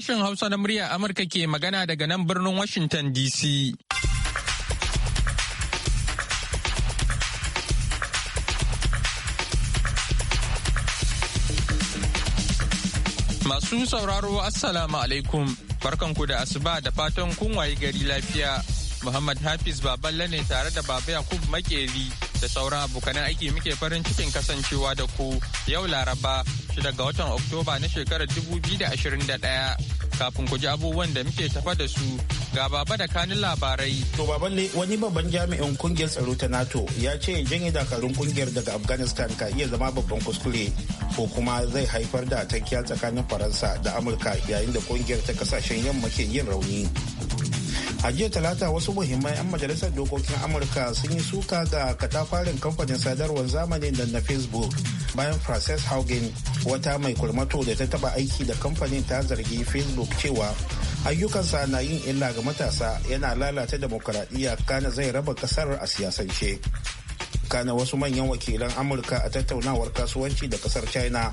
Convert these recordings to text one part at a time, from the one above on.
Sashen Hausa na murya Amurka ke magana daga nan birnin Washington DC. Masu sauraro Assalamu alaikum barkanku da asuba da fatan kun waye gari lafiya. Muhammad Hafiz Baballe ne tare da Baba Yakub Makeri da sauran abokanan aiki muke farin cikin kasancewa da ku yau Laraba shi daga watan Oktoba na shekarar 2021 kafin ku ji abubuwan da muke tafa da su ga baba da kanin labarai. To baban baballe wani babban jami'in kungiyar tsaro ta NATO ya ce janye dakarun kungiyar daga Afghanistan ka iya zama babban kuskure ko kuma zai haifar da tankiya tsakanin Faransa da Amurka yayin da kungiyar ta kasashen yamma ke yin rauni. a jiya talata wasu muhimman 'yan majalisar dokokin amurka sun yi suka ga katafarin kamfanin sadarwar zamani da na facebook bayan frances haugen wata mai kurmato da ta taba aiki da kamfanin ta zargi facebook cewa ayyukansa na yin illa ga matasa yana lalata demokuraɗiyya kana zai raba kasar a siyasance na wasu manyan wakilan amurka a tattaunawar kasuwanci da kasar china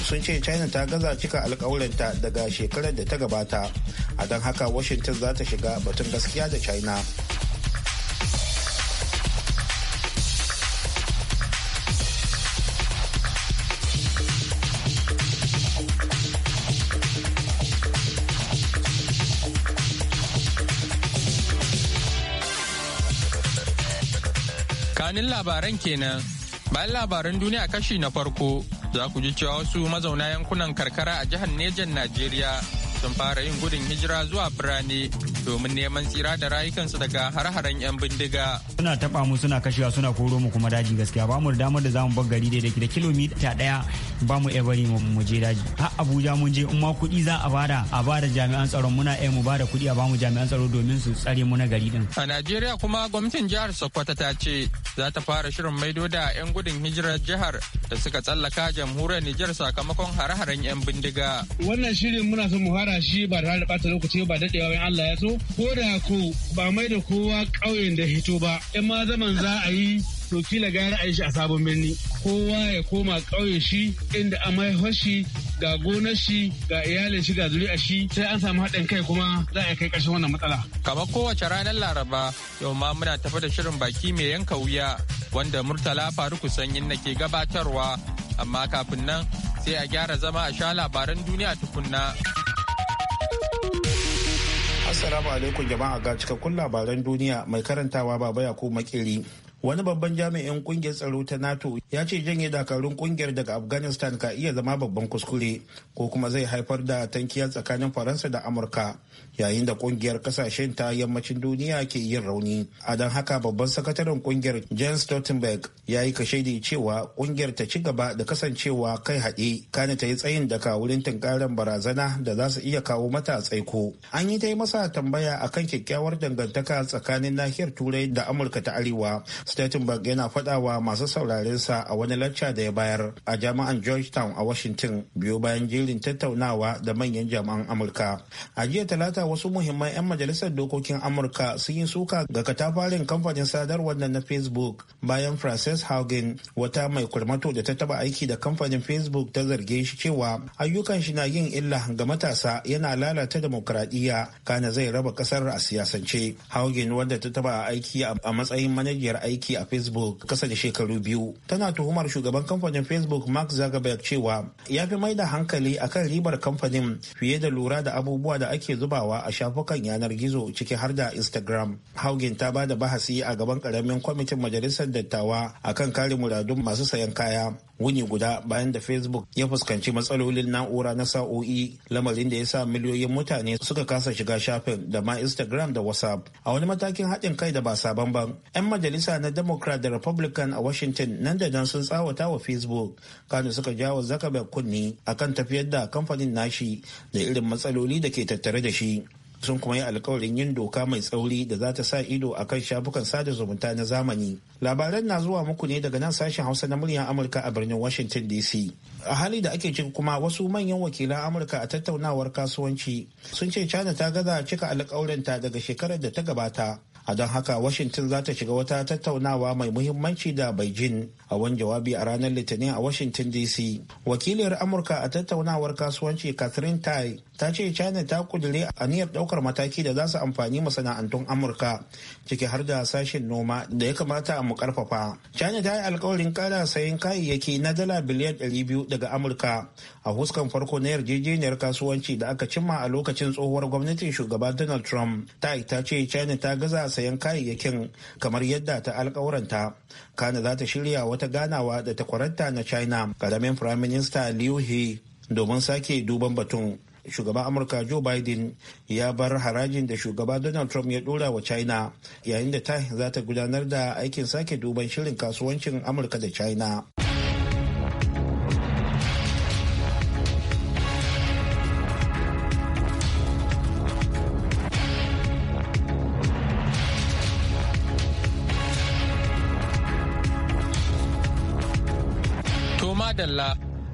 sun ce china ta gaza cika alkawurinta daga shekarar da ta gabata a don haka washington za ta shiga batun gaskiya da china Gabanin labaran kenan bayan labaran duniya kashi na farko za ku ji cewa wasu mazauna yankunan karkara a jihar nejan najeriya sun fara yin gudun hijira zuwa birane domin neman tsira da rayukansu daga har-haren 'yan bindiga. Suna taba mu suna kashewa suna koro mu kuma daji gaskiya ba mu da damar da zamu bar gari da da kilomita daya ba mu iya bari mu je daji. Har Abuja mun je in ma kuɗi za a bada a bada jami'an tsaron muna iya mu bada kuɗi a bamu jami'an tsaro domin su tsare mu na gari din. A Najeriya kuma gwamnatin jihar Sokoto ta ce za ta fara shirin maido da 'yan gudun hijirar jihar da suka tsallaka jamhuriyar Nijar sakamakon har haren 'yan bindiga. Wannan shirin muna son mu fara shi ba da ɓata lokaci ba daɗewa bayan Allah ya so ko da ko ba mai da kowa ƙauyen da hito ba in ma zaman za a yi to kila gara a yi shi a sabon birni kowa ya koma ƙauyen shi inda a mai shi ga gonar shi ga iyalin shi ga zuri'a shi sai an samu haɗin kai kuma za a kai ƙarshen wannan matsala. kamar kowace ranar laraba yau ma muna tafi da shirin baki mai yanka wuya wanda murtala faruku sanyin na ke gabatarwa amma kafin nan sai a gyara zama a sha labaran duniya tukunna. Assalamu alaikum jama'a ga cikakkun labaran duniya mai karantawa baba ya makeri. Wani babban jami'in kungiyar tsaro ta NATO ya ce janye dakarun kungiyar daga Afghanistan ka iya zama babban kuskure ko kuma zai haifar da tankiyar tsakanin Faransa da Amurka yayin da kungiyar kasashen ta yammacin duniya ke yin rauni a don haka babban sakataren kungiyar jan stoltenberg ya yi kashe kashedi cewa kungiyar ta ci gaba da kasancewa kai haɗe kana ta yi tsayin daka wurin tunkarar barazana da za su iya kawo mata tsaiko an yi ta yi masa tambaya a kan kyakkyawar dangantaka tsakanin nahiyar turai da amurka ta arewa stoltenberg yana faɗawa masu sauraren sa a wani lacca da ya bayar a jami'an georgetown a washington biyo bayan jerin tattaunawa da manyan jami'an amurka a jiya talata wasu muhimman 'yan majalisar dokokin amurka sun yi suka ga katafarin kamfanin sadarwar na facebook bayan frances haugen wata mai kurmato da ta taba aiki da kamfanin facebook ta zarge shi cewa ayyukan shi na yin illa ga matasa yana lalata demokradiyya kana zai raba kasar a siyasance haugen wadda ta taba aiki a matsayin manajiyar aiki a facebook kasa da shekaru biyu tana tuhumar shugaban kamfanin facebook mark zuckerberg cewa ya fi mai da hankali akan ribar kamfanin fiye da lura da abubuwa da ake zuba wallafawa a shafukan yanar gizo ciki har da instagram haugin ta ba da bahasi a gaban karamin kwamitin majalisar dattawa a kan kare muradun masu sayan kaya wuni guda bayan da facebook ya fuskanci matsalolin na'ura na sa'o'i lamarin da ya sa miliyoyin mutane suka kasa shiga shafin da ma instagram da whatsapp a wani matakin haɗin kai da ba sabon ban 'yan majalisa na democrat da republican a washington nan da nan sun tsawata wa facebook kano suka jawo zakabar kunni akan tafiyar da kamfanin nashi da irin matsaloli da ke tattare da shi shi sun kuma yi alkawarin yin doka mai tsauri da za ta sa ido a kan shafukan sada zumunta na zamani labaran na zuwa muku ne daga nan sashen hausa na muryar amurka a birnin washington dc a hali da ake cin kuma wasu manyan wakilan amurka a tattaunawar kasuwanci sun ce china ta gaza cika alkawarinta daga shekarar da ta gabata a don haka washington za ta shiga wata tattaunawa mai muhimmanci da beijing a wani jawabi a ranar litinin a washington dc wakiliyar amurka a tattaunawar kasuwanci catherine tai ta ce china ta kudure aniyar daukar mataki da za su amfani masana'antun amurka ciki har da sashen noma da ya kamata mu karfafa china ta yi alkawarin kara sayan kayayyaki na dala biliyan biyu daga amurka a huskan farko na yarjejeniyar kasuwanci da aka cimma a lokacin tsohuwar gwamnatin shugaba donald trump tai ta ce china ta gaza sayan kayayyakin kamar yadda ta alkawuranta kana za ta shirya wata ganawa da takwaranta na china karamin prime minister liu he domin sake duban batun shugaban amurka joe biden ya bar harajin da shugaba donald trump ya dora wa china yayin da ta za ta gudanar da aikin sake duban shirin kasuwancin amurka da china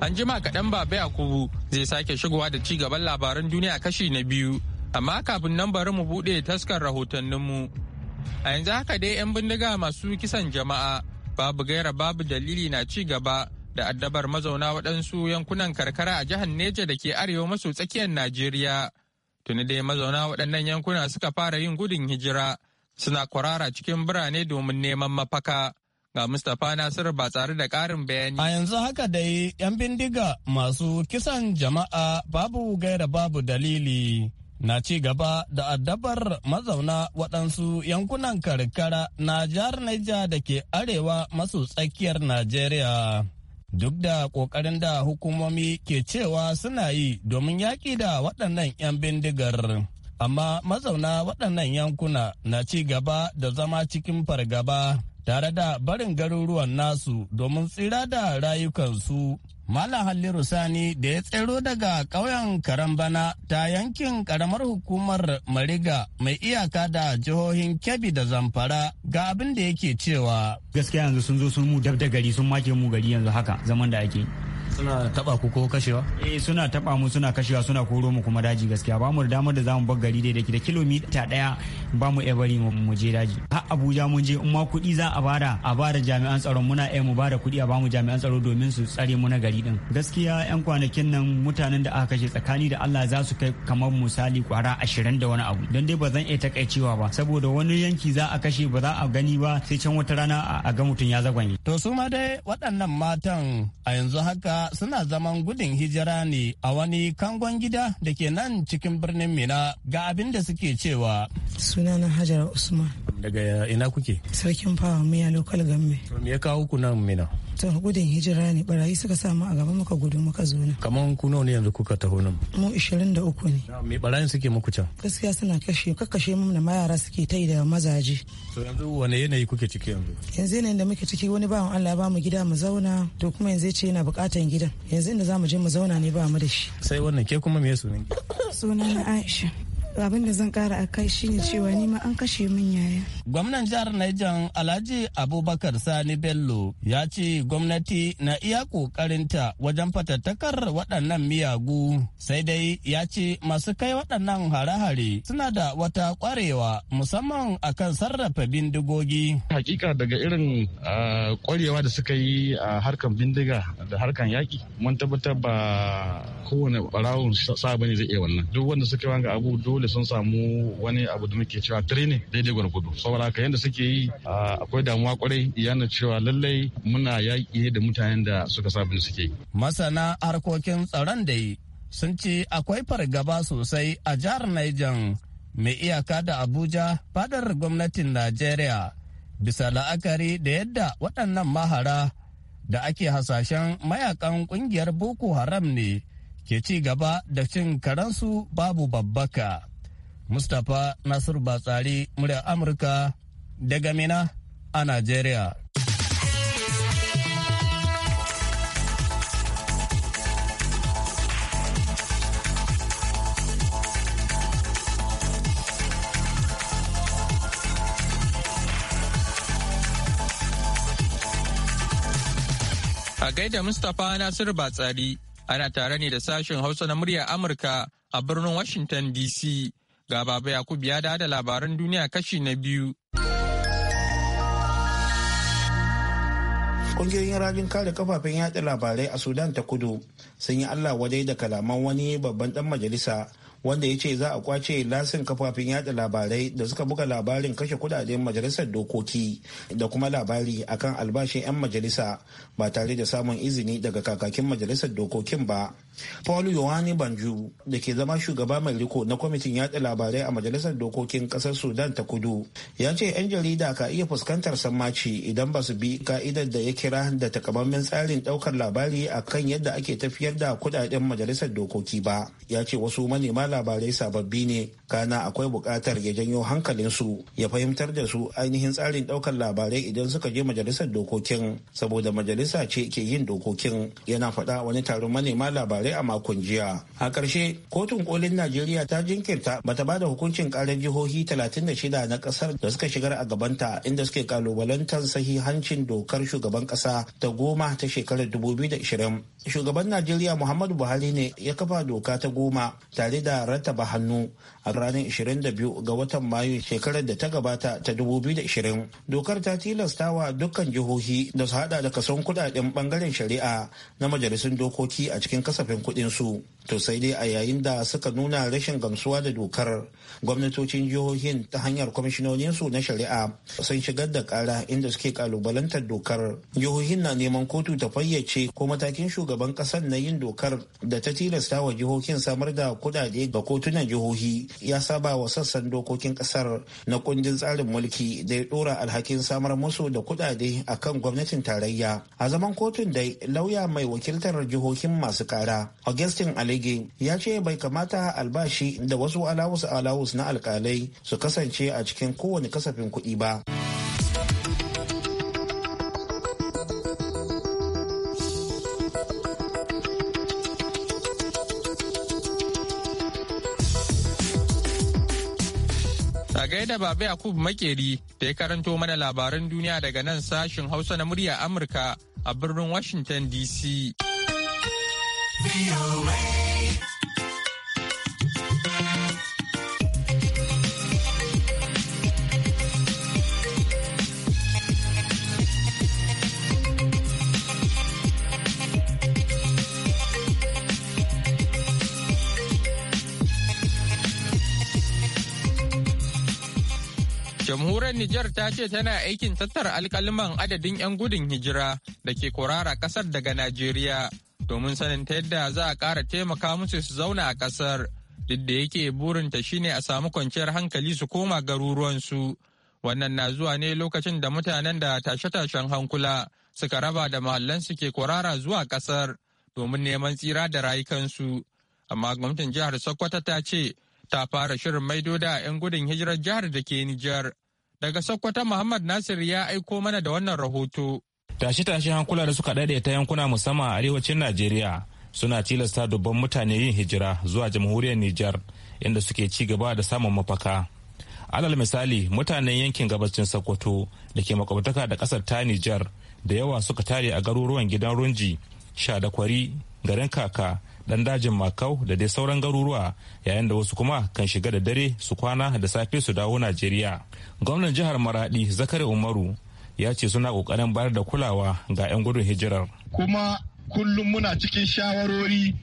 An jima kaɗan Baba kubu zai sake shigowa da ci gaban labaran duniya kashi na biyu, amma kafin nan bari mu buɗe taskar rahotanninmu. A yanzu haka dai 'yan bindiga masu kisan jama'a babu gaira babu dalili na ci gaba da addabar mazauna waɗansu yankunan karkara a jihar Neja da ke arewa maso tsakiyar Najeriya. Tuni dai mazauna waɗannan yankuna suka fara yin gudun hijira suna kwarara cikin birane domin neman mafaka. Ga Mustapha Nasiru ba tsari da ƙarin bayani. A yanzu haka dai 'yan bindiga masu kisan jama'a babu gaira babu dalili. Na ci gaba da addabar mazauna waɗansu yankunan karkara na jihar Niger da ke arewa masu tsakiyar Najeriya. duk da ƙoƙarin da hukumomi ke cewa suna yi domin yaƙi da waɗannan 'yan bindigar. Amma mazauna waɗannan yankuna na ci gaba da zama cikin fargaba tare da barin garuruwan nasu domin tsira da rayukansu. Malam Halliru Sani da ya tsero daga ƙauyen Karambana ta yankin ƙaramar hukumar Mariga mai iyaka da jihohin Kebbi da Zamfara ga abin da yake cewa. Gaskiya yanzu sun zo sun mu dab da gari sun make mu gari yanzu haka zaman da ake. suna taba ku ko kashewa eh suna taba mu suna kashewa suna koro mu kuma daji gaskiya ba mu da damar da zamu bar gari daidai da kilomita daya ba mu bari mu je daji ha Abuja mun je in ma kuɗi za a bada a bada jami'an tsaro muna eh mu bada kuɗi a bamu jami'an tsaro domin su tsare mu na gari din gaskiya yan kwanakin nan mutanen da aka kashe tsakani da Allah za su kai kamar misali kwara ashirin da wani abu don dai ba zan iya takaicewa ba saboda wani yanki za a kashe ba za a gani ba sai can wata rana a ga mutum ya zagwanye to su ma dai waɗannan matan a yanzu haka suna zaman gudun hijira ne a wani kangon gida da ke nan cikin birnin Mina ga abin da suke cewa. Sunana Hajar Usman. daga ina kuke sarkin fawa miya lokal gamme to me ya kawo ku nan mina to gudun hijira ne barayi suka samu a gaba muka gudu muka zo nan kaman ku nawa ne yanzu kuka taho nan mu 23 ne me barayin suke muku can gaskiya suna kashe kakkashe mu na mayara suke ta da mazaje to yanzu wane yanayi kuke ciki yanzu yanzu ne da muke ciki wani bawan Allah ba mu gida mu zauna to kuma yanzu ce yana bukatan gidan yanzu inda zamu je mu zauna ne ba mu da shi sai wannan ke kuma me sunan sunan Aisha abin da zan kara a kai shine cewa nima an kashe min yaya Gwamnan jihar Niger Alhaji Abubakar Sani Bello ya ce gwamnati na iya ƙoƙarinta wajen fatattakar waɗannan miyagu sai dai ya ce masu kai waɗannan hare-hare suna da wata ƙwarewa musamman akan sarrafa bindigogi. Hakika daga irin ƙwarewa da suka yi a harkan bindiga da harkan yaƙi mun tabbatar ba kowane barawun sa bane zai iya wannan duk wanda suka yi wanga abu dole sun samu wani abu da muke cewa training daidai gwargwado saboda yadda suke yi akwai damuwa kwarai yana cewa lallai muna yaƙi da mutanen da suka sabin suke Masana harkokin tsaron da yi sun ce akwai fargaba sosai a jihar Niger mai iyaka da Abuja fadar gwamnatin Najeriya bisa la'akari da yadda waɗannan mahara da ake hasashen mayakan ƙungiyar Boko Haram ne ke ci gaba da cin karansu babu babbaka. Mustapha Nasiru Batsari murya Amurka daga Mina a Najeriya. A gaida Mustapha Nasiru Batsari ana tare ne da sashen Hausa na murya Amurka a birnin Washington DC. Ga Baba Yakub ya da da labaran duniya kashi na biyu. Ƙungiyoyin rajin kare kafafen yaɗa labarai a Sudan ta kudu sun yi Allah wadai da kalaman wani babban ɗan majalisa wanda ya ce za a kwace lasin kafafen yada labarai da suka buga labarin kashe kudaden majalisar dokoki da kuma labari akan albashin 'yan majalisa ba tare da samun izini daga kakakin majalisar dokokin ba Paul Yohani Banju da ke zama shugaba mai riko na kwamitin yaɗa labarai a majalisar dokokin ƙasar Sudan ta kudu ya ce 'yan jarida ka iya fuskantar sammaci idan ba su bi ka'idar da ya kira da takamammen tsarin ɗaukar labari a kan yadda ake tafiyar da kuɗaɗen majalisar dokoki ba. Ya ce wasu manema labarai sababbi ne kana akwai buƙatar ya janyo hankalinsu ya fahimtar da su ainihin tsarin ɗaukar labarai idan suka je majalisar dokokin saboda majalisa ce ke yin dokokin yana faɗa wani taron manema labarai labarai a makon jiya a ƙarshe kotun kolin najeriya ta jinkirta bata bada hukuncin karar jihohi 36 na ƙasar da suka shigar a gabanta inda suke kalubalantar sahihancin dokar shugaban ƙasa ta goma ta shekarar 2020 shugaban najeriya muhammadu buhari ne ya kafa doka ta goma tare da rattaba hannu a ranar 22 ga watan mayu shekarar da ta gabata ta 2020 dokar ta tilasta wa dukkan jihohi da su hada da kason kudaden bangaren shari'a na majalisun dokoki a cikin kasafin kudin su to sai dai a yayin da suka nuna rashin gamsuwa da dokar gwamnatocin jihohin ta hanyar kwamishinonin su na shari'a sun shigar da kara inda suke kalubalantar dokar jihohin na neman kotu ta fayyace ko matakin shugaban kasar na yin dokar da ta tilasta wa jihohin samar da kudade ga kotunan jihohi ya saba wa sassan dokokin kasar na kundin tsarin mulki da ya dora alhakin samar musu da kudade a kan gwamnatin tarayya a zaman kotun dai lauya mai wakiltar jihohin masu kara augustin alege ya ce bai kamata albashi da wasu alawus alawus na alkalai su kasance a cikin kowane kasafin kuɗi ba. A gaida Baba Yakubu Makeri da ya karanto mana labaran duniya daga nan sashin Hausa na murya Amurka a birnin Washington DC. Jamhuriyar Nijar ta ce tana aikin tattara alkaliman adadin 'yan gudun hijira da ke kurara kasar daga Najeriya domin sanin ta yadda za a ƙara taimaka musu su zauna a kasar duk da yake burinta shine a samu kwanciyar hankali su koma garuruwansu. Wannan na zuwa ne lokacin da mutanen da tashe-tashen hankula suka raba da mahallansu ke kurara zuwa kasar domin neman tsira da rayukansu. Amma gwamnatin jihar Sokoto ta ce ta fara shirin maido da 'yan gudun hijirar jihar da ke Nijar Daga Sokoto Muhammad Nasir ya aiko mana da wannan rahoto. tashe tashi hankula da suka daɗe ta yankuna musamman a arewacin Najeriya suna tilasta dubban mutane yin hijira zuwa jamhuriyar Nijar inda suke ci gaba da samun mafaka. Alal misali mutanen yankin gabacin Sokoto da ke makwabtaka da ƙasar ta Nijar da yawa suka tare a garuruwan gidan Runji, kwari garin Kaka, dan dajin makau da dai sauran garuruwa yayin da wasu kuma kan shiga da dare su kwana da safe su dawo najeriya gwamnan jihar maradi zakari umaru ya ce suna kokarin bayar da kulawa ga 'yan gudun hijirar kuma kullum muna cikin shawarori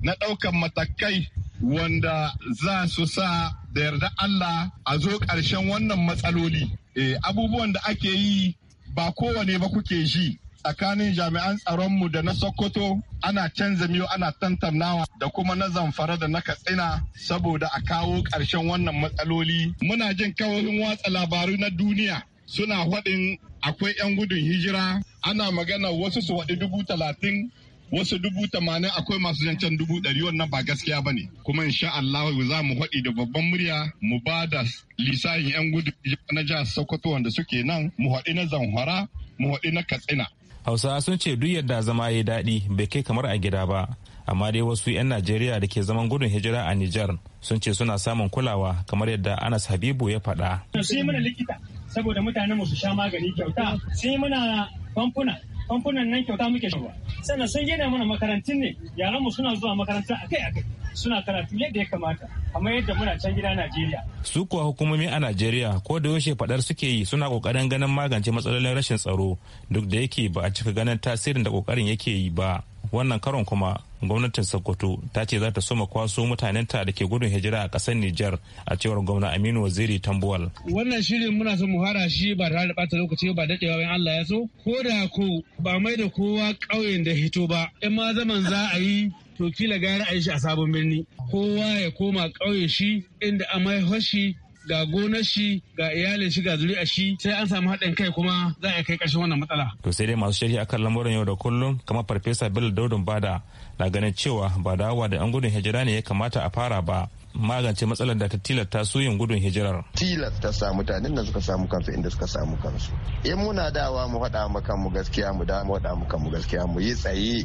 na ɗaukan matakai wanda za su sa da yarda Allah a zo ƙarshen wannan matsaloli. E, abubuwan da ake yi ba kowane ba kuke ji tsakanin jami'an tsaronmu da na Sokoto ana canza miyo ana tantanawa da kuma na zamfara da na katsina saboda a kawo ƙarshen wannan matsaloli. Muna jin kawohin watsa labaru na duniya suna haɗin akwai 'yan gudun hijira ana magana wasu su waɗi dubu talatin wasu dubu tamanin akwai masu zancen dubu ɗari wannan ba gaskiya ba ne kuma insha Allah za mu haɗi da babban murya mu ba da lisayin 'yan gudun na jihar Sokoto wanda suke nan mu haɗi na Zamfara mu haɗi na Katsina hausawa sun ce duk yadda zama ya daɗi bai kai kamar a gida ba amma dai wasu 'yan najeriya da ke zaman gudun hijira a nijar sun ce suna samun kulawa kamar yadda anas habibu ya faɗa. sun yi mana likita saboda mutanen mu su sha magani kyauta sun yi mana famfuna famfunan nan kyauta muke shan sannan sun gina mana makarantun ne yaran mu suna zuwa makaranta akai-akai suna karatu yadda ya kamata amma yadda muna can gida Najeriya. Su kuwa hukumomi a Najeriya ko da yaushe faɗar suke yi suna kokarin ganin magance matsalolin rashin tsaro duk da yake ba a cika ganin tasirin da kokarin yake yi ba. Wannan karon kuma gwamnatin Sokoto ta ce za ta soma kwaso mutanenta da ke gudun hijira a ƙasar Nijar a cewar gwamna Aminu Waziri Tambuwal. Wannan shirin muna son mu fara shi ba tare da ɓata lokaci ba daɗewa bayan Allah ya so ko da ko ba mai da kowa ƙauyen da hito ba in ma zaman za a yi to kila gara a yi shi a sabon birni kowa ya koma ƙauye shi inda a mai shi ga gonar shi ga iyalin shi ga zuri'a shi sai an samu haɗin kai kuma za a kai ƙarshen wannan matsala. To sai dai masu sharhi akan lamarin yau da kullum kamar Farfesa Bello daudin Bada na ganin cewa ba dawowa da 'yan gudun hijira ne ya kamata a fara ba. magance matsalar da ta tilasta su yin gudun hijirar. Tilasta sa mutanen da suka samu kansu inda suka samu kansu. In muna dawa mu faɗa mu kanmu gaskiya mu da mu faɗa mu kanmu gaskiya mu yi tsaye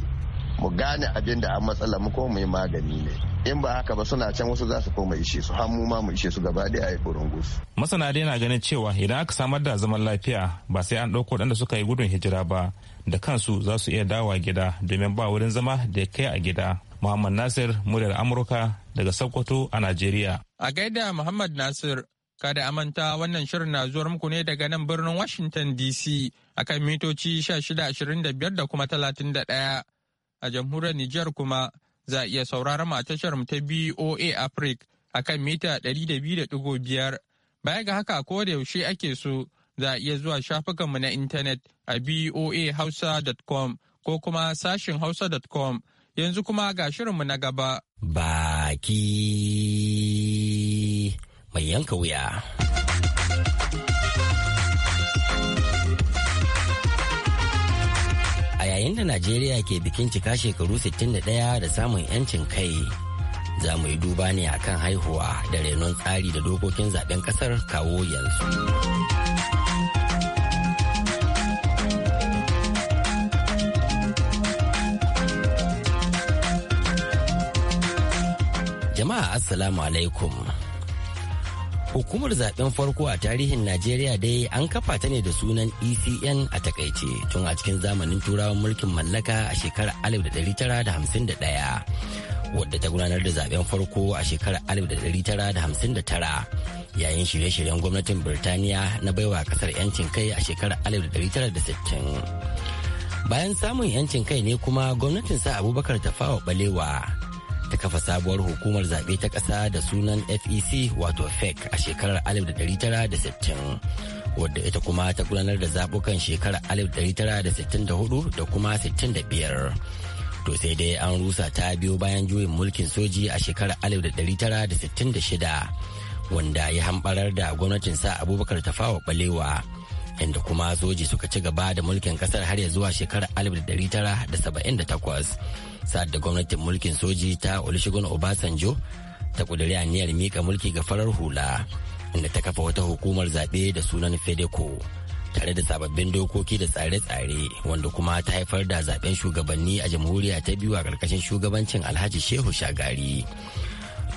mu gane abin da an matsala mu kuma mu magani ne in ba haka ba suna can wasu za su koma ishe su har mu ma mu ishe su gaba da a yi masana dai na ganin cewa idan aka samar da zaman lafiya ba sai an ɗauko waɗanda suka yi gudun hijira ba da kansu za su iya dawa gida domin ba wurin zama da kai a gida. Muhammad Nasir muryar Amurka daga Sokoto a Najeriya. A gaida Muhammad Nasir kada amanta wannan shirin na zuwar muku ne daga nan birnin Washington DC akan mitoci 1625 da kuma 31. a jamhuriyar Nijar kuma za a iya sauraron a tashar mu ta BOA Africa a kan mita 200.5. Baya ga haka ko da yaushe ake so za a iya zuwa shafukanmu na intanet a boahausa.com ko kuma sashin hausa.com yanzu kuma ga shirinmu na gaba. Baki mai yanka wuya. yayin da najeriya ke bikin cika shekaru 61 da samun 'yancin kai za mu yi duba ne a kan haihuwa da renon tsari da dokokin zaben kasar kawo yanzu jama'a assalamu alaikum Hukumar zaben farko a tarihin Najeriya dai an kafa ta ne da sunan ECN a takaice tun a cikin zamanin turawan mulkin mallaka a shekarar 1951 wadda ta gudanar da zaben farko a shekarar 1959 yayin shirye-shiryen gwamnatin Birtaniya na baiwa kasar 'yancin kai a shekarar 1960. Bayan samun 'yancin kai ne kuma gwamnatin sa Abubakar ta fawa Balewa ta kafa sabuwar hukumar zaɓe ta ƙasa da sunan fec wato fec a shekarar 1960 wadda ita kuma ta gudanar da zaɓukan shekarar 1964 da kuma 65 to sai dai an rusa ta biyo bayan juyin mulkin soji a shekarar 1966 wanda ya hambarar da gwamnatin sa abubakar tafawa balewa inda kuma soji suka ci gaba da mulkin kasar har ya zuwa shekarar 1978 sa'ad da gwamnatin mulkin soji ta olishigun obasanjo ta kuduri aniyar mika mulki ga farar hula inda ta kafa wata hukumar zaɓe da sunan fedeco tare da sababbin dokoki da tsare-tsare wanda kuma ta haifar da zaben shugabanni a jamhuriya ta biyu a ƙarƙashin shugabancin alhaji shehu shagari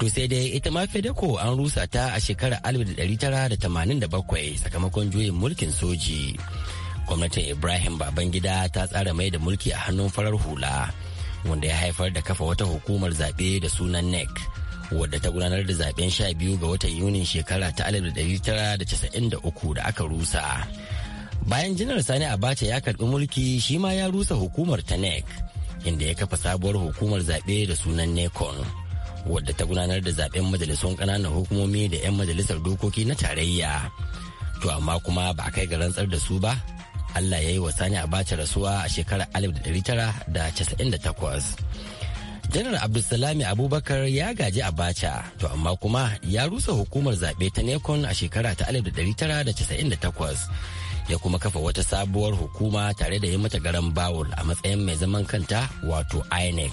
To sai dai ita ma Fedeko an rusa ta a shekarar 1987 sakamakon juyin mulkin soji. Gwamnatin Ibrahim Babangida ta tsara mai da mulki a hannun farar hula wanda ya haifar da kafa wata hukumar zaɓe da sunan NEC wadda ta gudanar da zaben 12 ga watan Yunin shekara ta 1993 da aka rusa. bayan janar sani abacha ya karbi mulki shi ma ya rusa hukumar ta nec inda ya kafa sabuwar hukumar zaɓe da sunan necon wadda ta gudanar da zaben majalisun ƙananan hukumomi da 'yan majalisar dokoki na tarayya to amma kuma ba a kai ga rantsar da su ba allah ya yi wa sani abacha rasuwa a shekarar 1998 janar abdulsalami abubakar ya gaji abacha to amma kuma ya rusa hukumar zaɓe ta nekon a shekara ta 1998 ya kuma kafa wata sabuwar hukuma tare da yi mata garan bawul a matsayin mai zaman kanta wato inec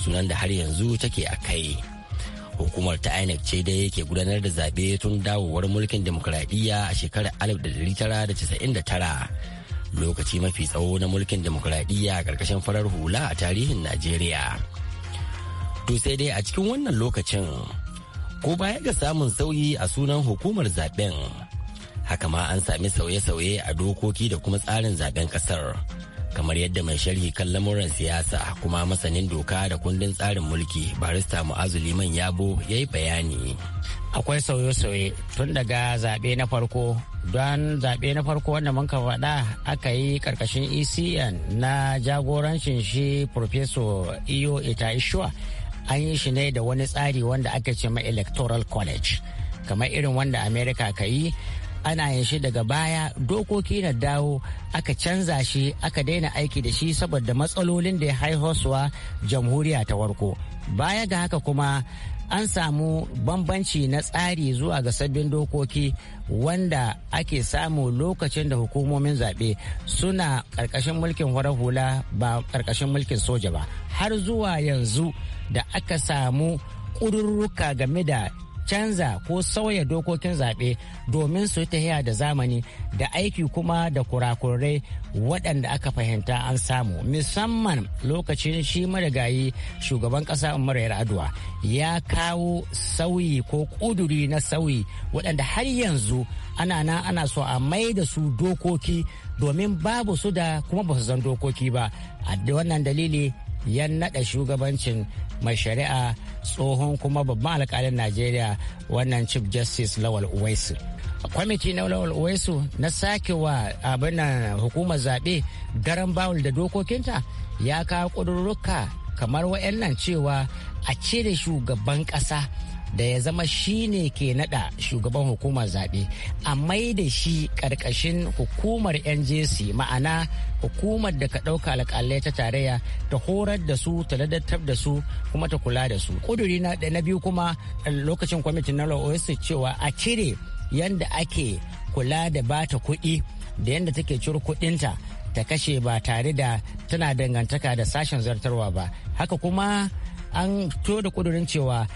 sunan da har yanzu take a kai hukumar ta inec ce dai yake gudanar da zaɓe tun dawowar mulkin demokuraɗiyya a shekarar 1999 lokaci mafi tsawo na mulkin demokuraɗiyya a ƙarƙashin farar hula a tarihin najeriya to sai dai a cikin wannan lokacin ko baya ga samun sauyi a sunan hukumar zaben? haka ma an sami sauye-sauye a dokoki da kuma tsarin zaɓen ƙasar. kamar yadda mai sharhi kan lamuran siyasa kuma masanin doka da kundin tsarin mulki barista mu'azu liman yabo ya yi bayani akwai sauye-sauye tun daga zaɓe na farko don zaɓe na farko wanda mun ka faɗa aka yi ƙarƙashin ecn na jagorancin shi professor iyo ita ishua an yi shi ne da wani tsari wanda aka ce ma electoral college kamar irin wanda america ka yi ana yin shi daga baya dokoki na dawo aka canza shi aka daina aiki da shi saboda matsalolin da ya haihosuwa jamhuriya ta warko baya ga haka kuma an samu bambanci na tsari zuwa ga sabbin dokoki wanda ake samu lokacin da hukumomin zaɓe suna ƙarƙashin mulkin farar hula ba ƙarƙashin mulkin soja ba har zuwa yanzu da aka samu ƙudurruka game da canza ko sauya dokokin zaɓe domin su yi tahiya da zamani da aiki kuma da kurakurai waɗanda aka fahimta an samu musamman lokacin shi marigayi shugaban ƙasa umar yar'adua ya kawo sauyi ko ƙuduri na sauyi waɗanda har yanzu ana na ana so a mai da su dokoki domin babu su da kuma ba su zan dokoki ba a wannan dalili ya naɗa shugabancin mai shari'a tsohon kuma babban alkalin najeriya wannan chief justice lawal uwaisu kwamiti na lawal uwaisu na sake wa abin hukumar zaɓe garan bawul da dokokinta ya kawo ƙudurruka kamar wa'annan cewa a cire shugaban ƙasa da ya zama shi ne ke nada shugaban hukumar zaɓe a mai da shi ƙarƙashin hukumar njc ma'ana hukumar da ka ɗauka alƙalai ta tarayya ta horar da su ta ladattar da su kuma ta kula da su ƙuduri na biyu kuma lokacin kwamitin na osu cewa a cire yadda ake kula da ba ta kuɗi da yadda take ciro kuɗinta ta kashe ba tare da tana dangantaka da sashen zartarwa ba haka kuma an fito da kudurin cewa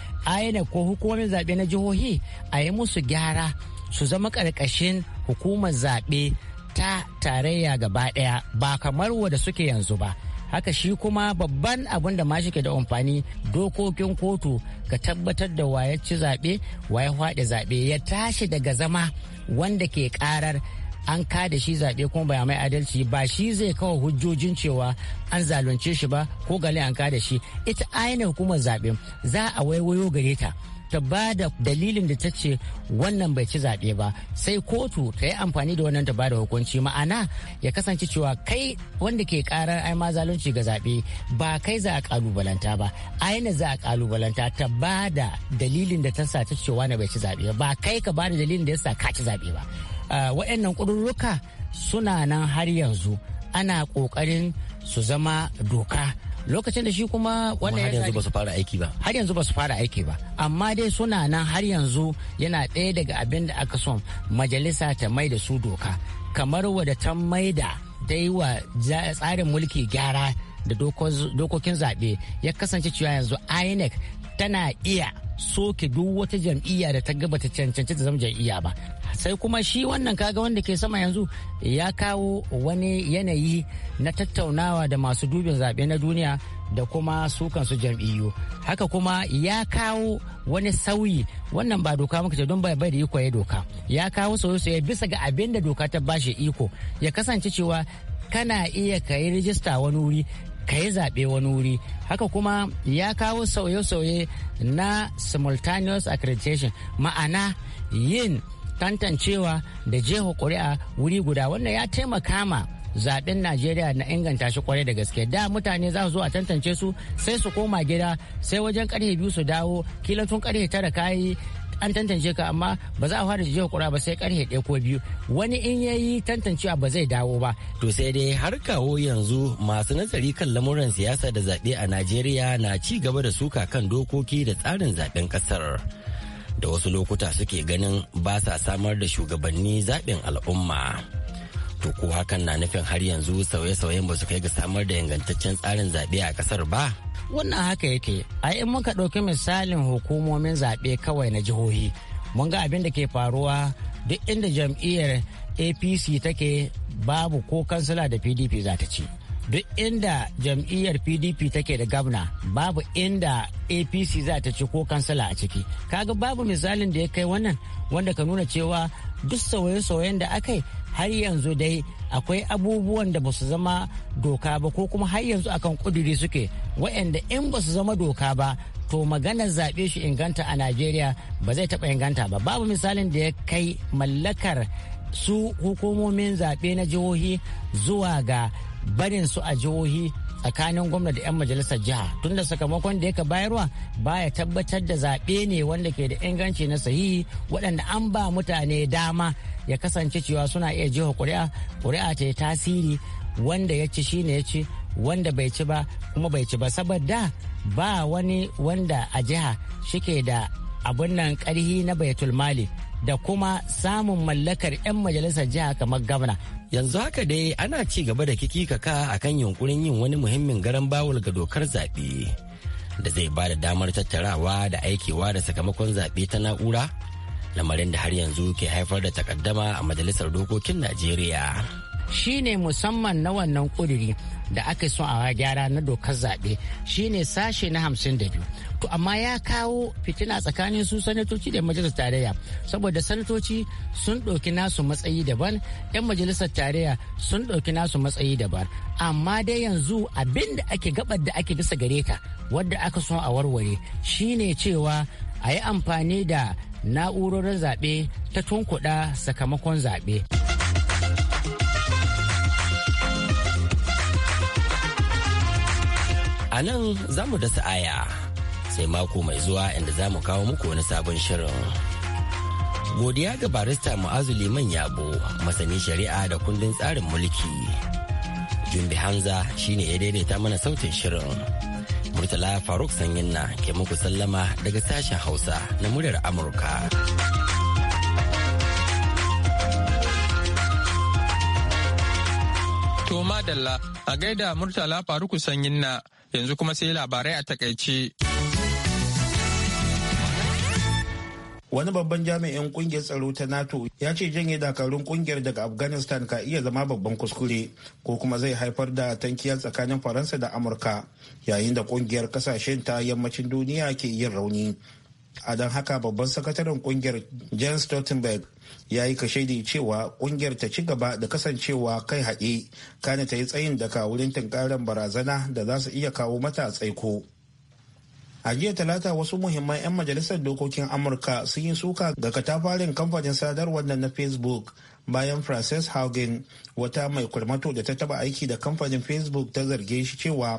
INEC ko hukumomin zaɓe na jihohi a yi musu gyara su zama ƙarƙashin hukumar zaɓe ta tarayya gaba ɗaya ba kamar wada suke yanzu ba haka shi kuma babban abin da mashi ke da amfani dokokin kotu ka tabbatar da waye ci zaɓe waye haɗe zaɓe ya tashi daga zama wanda ke ƙarar an kada shi zaɓe kuma bai mai adalci ba shi zai kawo hujjojin cewa an zalunce shi ba ko gale an kada shi ita aina hukumar zaɓe za a waiwayo gare ta ta ba da dalilin da ta ce wannan bai ci zaɓe ba sai kotu ta yi amfani da wannan ta ba da hukunci ma'ana ya kasance cewa kai wanda ke karar ai ma zalunci ga zaɓe ba kai za a kalubalanta ba aina za a kalubalanta ta ba da dalilin da ta sa ta ce na bai ci zaɓe ba kai ka ba da dalilin da ya sa ka ci zaɓe ba waɗannan ƙudurruka suna nan har yanzu ana ƙoƙarin su zama doka lokacin da shi kuma wannan har yanzu ba su fara aiki ba har yanzu ba su fara aiki ba amma dai suna nan har yanzu yana ɗaya daga abin da aka son majalisa ta mai da su doka kamar wadda ta mai da dai wa tsarin mulki gyara da dokokin zaɓe ya kasance cewa yanzu inec tana iya soke duk wata jam'iyya da ta gaba ta cancanci ta zama jam'iyya ba sai kuma shi wannan kaga wanda ke sama yanzu ya kawo wani yanayi na tattaunawa da masu dubin zaɓe na duniya da kuma su kansu jam'iyyu haka kuma ya kawo wani sauyi wannan ba doka muka ce don bai bai da iko ya doka ya kawo sauye-sauye bisa ga abin da doka ta bashi iko ya kasance cewa kana iya ka yi rijista wani wuri ka yi zaɓe wani wuri haka kuma ya kawo sauye-sauye na simultaneous accreditation ma'ana yin tantancewa da jeho ƙuri'a wuri guda wannan ya taimaka ma zaɓen Najeriya na inganta shi kwarai da gaske da mutane za su zo a tantance su sai su koma gida sai wajen ƙarfe biyu su dawo kila tun karfe tara kayi an tantance ka amma ba za a fara jiya kura ba sai karhe ɗaya ko biyu wani in ya yi tantancewa ba zai dawo ba. To sai dai har kawo yanzu masu nazari kan lamuran siyasa da zaɓe a Najeriya na ci gaba da suka kan dokoki da tsarin zaɓen ƙasar. Da wasu lokuta suke ganin ba sa samar da shugabanni zaɓin al'umma. To ko hakan na nufin har yanzu sauye-sauyen ba su kai ga samar da ingantaccen tsarin zaɓe a ƙasar ba? wannan haka yake a in muka ɗauki misalin hukumomin zaɓe kawai na jihohi mun ga abin da ke faruwa duk inda jam'iyyar apc take babu ko kansila da pdp za ta ci duk inda jam'iyyar pdp take da gabna babu inda apc za ta ci ko kansila a ciki kaga babu misalin da ya kai wannan wanda ka nuna cewa duk sauye-sauyen da aka yi har yanzu dai akwai abubuwan da ba su zama doka ba ko kuma har yanzu akan kuduri suke waɗanda in ba su zama doka ba to maganar zaɓe shi inganta a najeriya ba zai taɓa inganta ba babu misalin da ya kai mallakar su hukumomin zaɓe na jihohi zuwa ga barin su a jihohi tsakanin gwamna da 'yan majalisar jiha tunda sakamakon da yaka bayarwa baya tabbatar da zaɓe ne wanda ke da inganci na sahihi waɗanda an ba mutane dama ya kasance cewa suna iya jiha ƙuri'a ƙuri'a ta yi tasiri wanda ya ci shine ya ci wanda bai ci ba kuma bai ci ba saboda ba wani wanda a jiha shike da abun nan karhi na baitul mali da kuma samun mallakar 'yan majalisar jiha kamar gabna Yanzu haka dai ana ci gaba da kikikaka a kan yunkurin yin wani muhimmin garan bawul ga dokar zaɓe da zai ba da damar tattarawa da aikewa da sakamakon zaɓe ta na'ura lamarin da har yanzu ke haifar da takaddama a majalisar dokokin Najeriya. Shi ne musamman na wannan ƙuduri da aka so a gyara na dokar zaɓe shi ne sashe na hamsin da biyu to amma ya kawo fitina tsakanin su sanatoci da majalisar tarayya saboda sanatoci sun ɗauki nasu matsayi daban yan majalisar tarayya sun ɗauki nasu matsayi daban amma dai yanzu abin da ake gabar da ake bisa gare ta wadda aka so a warware shine cewa a yi amfani da na'urorin zaɓe ta tunkuɗa sakamakon zaɓe. A nan za mu dasa aya sai mako mai zuwa inda za mu kawo muku wani sabon shirin. Godiya ga barista Mu'azu Liman Yabo, masani shari'a da kundin tsarin mulki. Jumbi Hamza shine ya daidaita mana sautin shirin. Murtala Faruk Sanyinna ke muku sallama daga sashen Hausa na muryar Amurka. To Dalla, a gaida Murtala Faruk Sanyinna yanzu kuma sai labarai a takaici. wani babban jami'in kungiyar tsaro ta nato ya ce janye dakarun kungiyar daga afghanistan ka iya zama babban kuskure ko kuma zai haifar da tankiyar tsakanin faransa da amurka yayin da kungiyar kasashen ta yammacin duniya ke yin rauni a don haka babban sakataren kungiyar jan stoltenberg ya yi kashe kashedi cewa kungiyar ta ci gaba da kasancewa kai haɗe kana ta yi tsayin daga wurin tunkarar barazana da za su iya kawo mata tsaiko a jiya talata wasu muhimman 'yan majalisar dokokin amurka sun yi suka ga katafarin kamfanin sadarwar nan na facebook bayan frances haugen wata mai kurmato da ta taba aiki da kamfanin facebook ta zarge shi cewa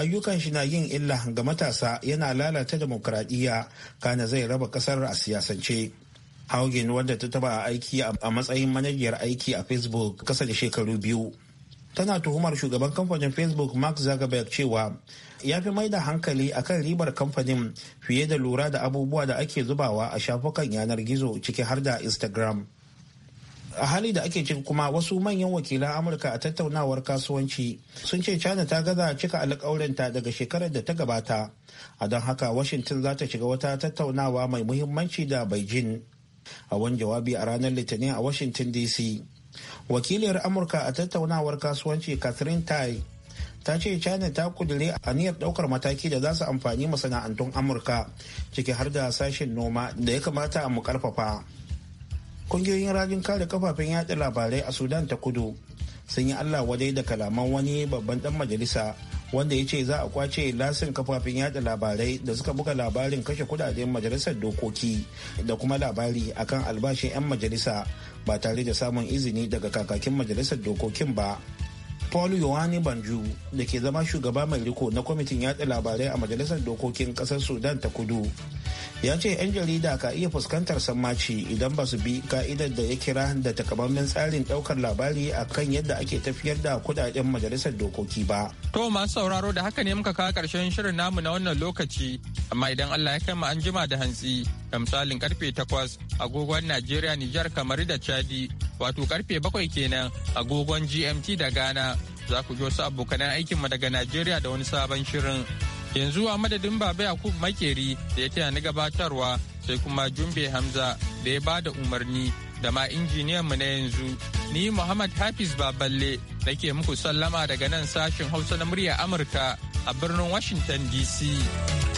ayyukan shi na yin illa ga matasa yana lalata demokradiyya kana zai raba kasar a siyasance haugen wadda ta taba aiki a matsayin manajiyar aiki a facebook kasa da shekaru biyu tana tuhumar shugaban kamfanin facebook mark zuckerberg cewa ya fi mai da hankali kan ribar kamfanin fiye da lura da abubuwa da ake zubawa a shafukan yanar gizo ciki har da instagram a hali da ake ciki kuma wasu manyan wakilan amurka a tattaunawar kasuwanci sun ce china ta gaza cika alkawarinta daga shekarar da ta gabata a don haka washington za ta shiga wata tattaunawa mai muhimmanci da beijing a wani jawabi a ranar litinin a washington dc wakiliyar amurka a tattaunawar kasuwanci catherine tai ta ce china ta kudure aniyar daukar mataki da za su amfani masana'antun amurka ciki har da sashen noma da ya kamata mu karfafa kungiyoyin rajin kare kafafen yaɗa labarai a sudan ta kudu sun yi allah wadai da kalaman wani babban dan majalisa wanda ya ce za a kwace lasin kafafen yaɗa labarai da suka buga labarin kashe kudaden majalisar dokoki da kuma labari akan albashin 'yan majalisa ba tare da samun izini daga kakakin majalisar dokokin ba Paul Yohani Banju da ke zama shugaba mai riko na kwamitin yaɗa labarai a majalisar dokokin ƙasar Sudan ta kudu. Ya ce 'yan jarida ka iya fuskantar sammaci idan ba su bi ka'idar da ya kira da takamammen tsarin ɗaukar labari a kan yadda ake tafiyar da kudaden majalisar dokoki ba. To masu sauraro da haka ne muka kawo karshen shirin namu na wannan lokaci, amma idan Allah ya kama an jima da hantsi, da misalin karfe takwas agogon Najeriya, Nijar, kamar da Chadi wato karfe bakwai kenan agogon GMT da Ghana za ku ji wasu abokan aikinmu daga Najeriya da wani sabon shirin. Yanzu a madadin Baba Yakub Makeri da ya taya ni gabatarwa sai kuma Jumbe Hamza da ya bada umarni da ma injiniyan mu na yanzu. Ni Muhammad Hafiz Baballe nake muku sallama daga nan sashin Hausa na murya Amurka a birnin Washington DC.